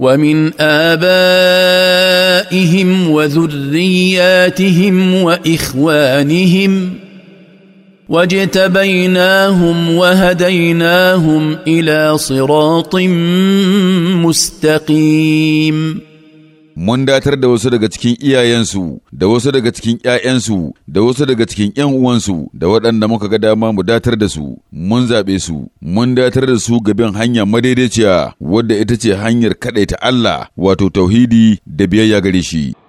ومن ابائهم وذرياتهم واخوانهم واجتبيناهم وهديناهم الى صراط مستقيم mun datar da wasu daga cikin iyayensu da wasu daga cikin ‘ya'yansu da wasu daga cikin ‘yan uwansu da waɗanda muka ga dama mu datar da su mun zaɓe su mun datar da su ga bin hanya madaidaiciya wadda ita ce hanyar kaɗaita Allah wato tauhidi da biyayya gare shi.